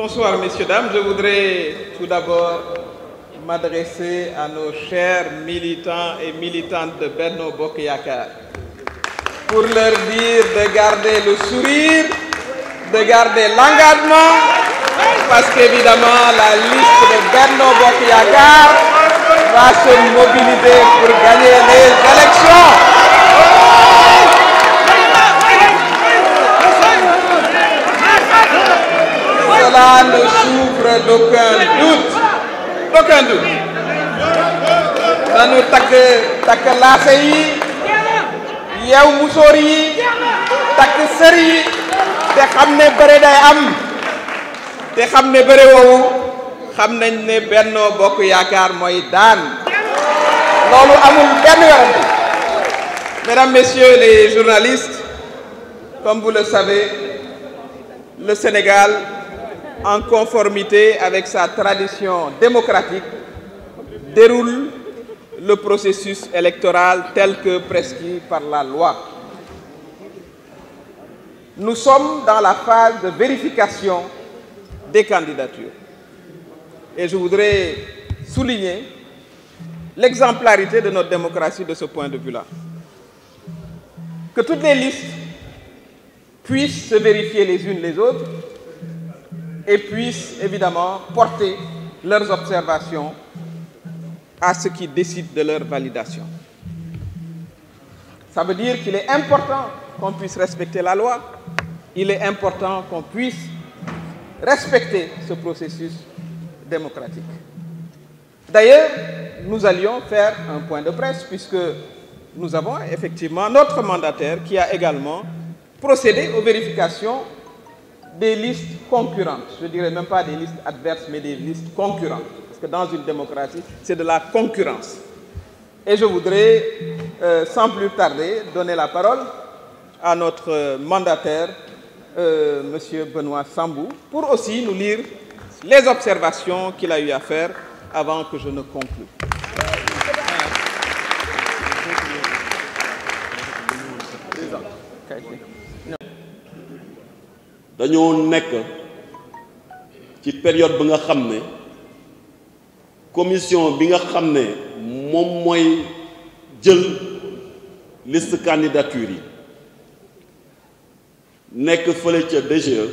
Bonsoir, messieurs, dames. Je voudrais tout d'abord m'adresser à nos chers militants et militantes de berno Bokeyakar pour leur dire de garder le sourire, de garder l'engagement, parce qu'évidemment, la liste de berno Bokyaka va se mobiliser pour gagner les élections. cela ne s'ouvre d'aucun doute. D'aucun doute. Nous takk takk laase yi yeew musóor yi takk sër yi te xam ne bëre day am te xam béré wowo xamnañ né Benno Bokk Yaakaar moy daan loolu amul benn yaram Mesdames, Messieurs les journalistes, comme vous le savez, le Sénégal en conformité avec sa tradition démocratique, déroule le processus électoral tel que prescrit par la loi. Nous sommes dans la phase de vérification des candidatures. Et je voudrais souligner l'exemplarité de notre démocratie de ce point de vue-là. Que toutes les listes puissent se vérifier les unes les autres et puissent évidemment porter leurs observations à ceux qui décident de leur validation. Ça veut dire qu'il est important qu'on puisse respecter la loi, il est important qu'on puisse respecter ce processus démocratique. D'ailleurs, nous allions faire un point de presse puisque nous avons effectivement notre mandataire qui a également procédé aux vérifications des listes concurrentes, je ne dirais même pas des listes adverses, mais des listes concurrentes. Parce que dans une démocratie, c'est de la concurrence. Et je voudrais, euh, sans plus tarder, donner la parole à notre euh, mandataire, euh, Monsieur M. Benoît Sambou, pour aussi nous lire les observations qu'il a eu à faire avant que je ne conclue. dañoo nekk ci période bi nga xam ne commission bi nga xam ne moom mooy jël liste candidature yi nekk fële ca DGE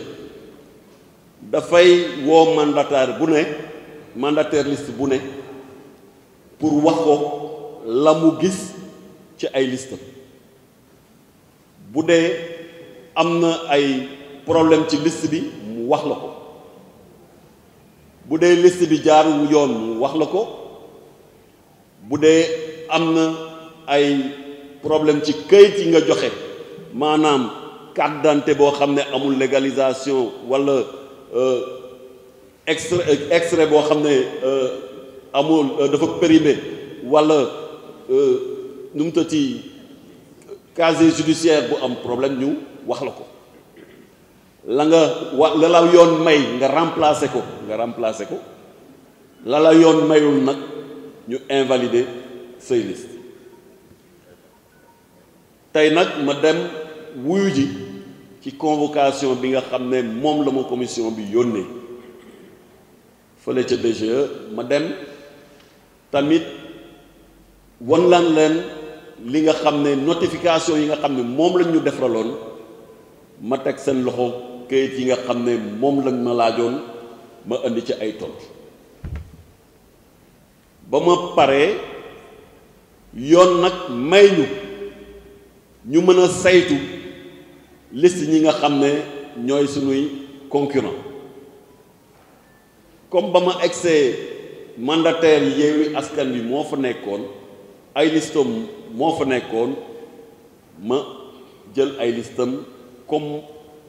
dafay woo mandataire bu ne mandataire liste bu ne pour wax ko la mu gis ci ay liste bu dee am na ay problème ci liste bi mu wax la ko bu dee liste bi jaarul yoon mu wax la ko bu dee am na ay problème ci këyit yi nga joxe maanaam carte d'identité boo xam ne amul légalisation walla euh, extrait boo xam ne euh, amul euh, dafa périmé walla nu mu tati casier judiciaire bu am problème ñu wax la ko la nga wa yoon may nga remplacer ko nga remplacer ko la yoon mayul nag ñu invalider say tey nag ma dem wuyu ji ci convocation bi nga xam ne moom la ma commission bi yónnee fële ca DGE ma dem tamit wan lan leen li nga xam ne notification yi nga xam ne moom lañ ñu defaraloon ma teg seen loxo kayit yi nga xam ne moom lañ ma laajoon ma indi ci ay tontu ba ma paree yoon nag may ñu ñu mën a saytu list ñi nga xam ne ñooy suñuy concurrent comme ba ma egsee mandataire yi Yewwi Askan Wi moo fa nekkoon ay listam moo fa nekkoon ma jël ay listam comme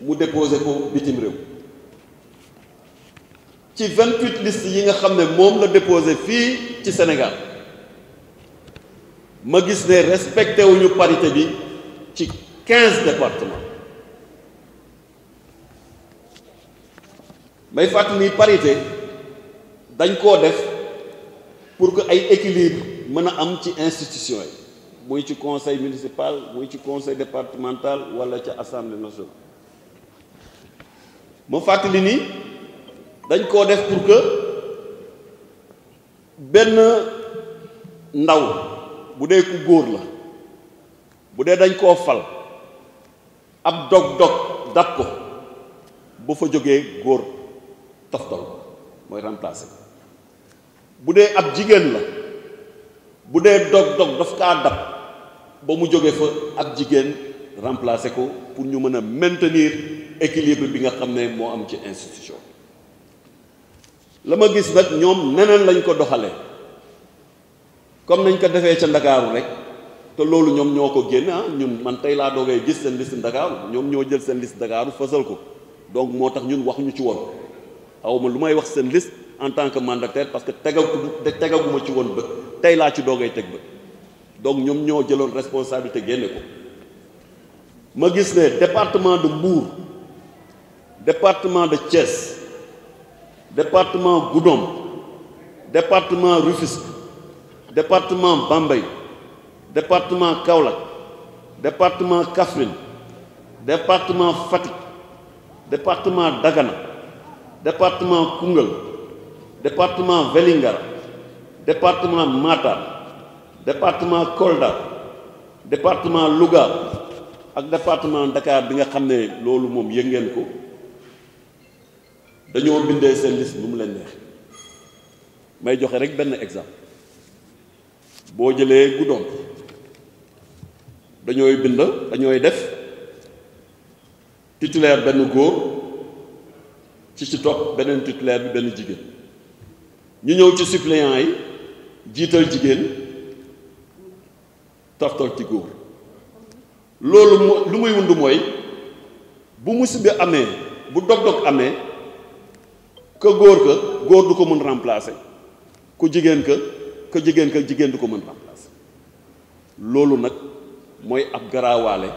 mu déposer pour bitim réew ci 28 listes yi nga xamné mom les la déposé fi ci Sénégal ma gis né respecté wuñu parité bi ci 15 départements may parité dañ le def pour que ay équilibre mën am ci institution yi conseil municipal muy ci conseil départemental ou ci assemblée nationale. mu fàttali nii dañ koo def pour que benn ndaw bu dee ku góor la bu dee dañ koo fal ab dog-dog dab ko bu fa jógee góor toftal ko mooy remplacé ko bu dee ab jigéen la bu dee dog-dog daf kaa dab ba mu jógee fa ab jigéen remplacé ko pour ñu mën a maintenir équilibre bi nga xam ne moo am ci institution la ma gis nag ñoom neneen lañ ko doxalee comme nañ ko defee ca ndakaaru rek te loolu ñoom ñoo ko génne ah ñun man tey laa doogee gis seen liste ndakaaru ñoom ñoo jël seen liste ndakaaru fësal ko donc moo tax ñun waxuñu ci woon xaw lu may wax seen liste en tant que mandataire parce que tegagu tegaguma ci woon bët tey laa ci doogay teg bët donc ñoom ñoo jëloon responsabilité génne ko ma gis ne département de Mbour département de Thiès département Goudomp département Rufisque département Bambey département Kaolack département Kaffrine département Fatick département Dagana département Koungheul département Vélingara département Matam département Kolda département Louga ak département Dakar bi nga xam ne loolu moom yëg ngeen ko dañoo bindee seen liste lu mu leen neex may joxe rek benn exemple boo jëlee guddoom dañooy bind dañooy def titulaire benn góor ci ci topp beneen titulaire bi benn jigéen ñu ñëw ci suppléant yi jiital jigéen taftal ci góor loolu lu muy wund mooy bu musiba amee bu dog-dog amee que góor ka góor du ko mën remplacer ku jigéen ka que jigéen ka jigéen du ko mën remplacer loolu nag mooy ab garaawaale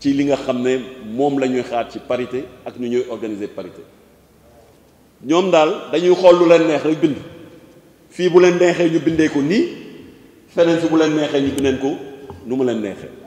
ci li nga xam ne moom la ñuy xaar ci parité ak ñu ñuy organiser parité ñoom daal dañuy xool lu leen neex rek bind fii bu leen neexee ñu bindee ko nii feneen fi bu leen neexee ñu bindeen ko nu mu leen neexee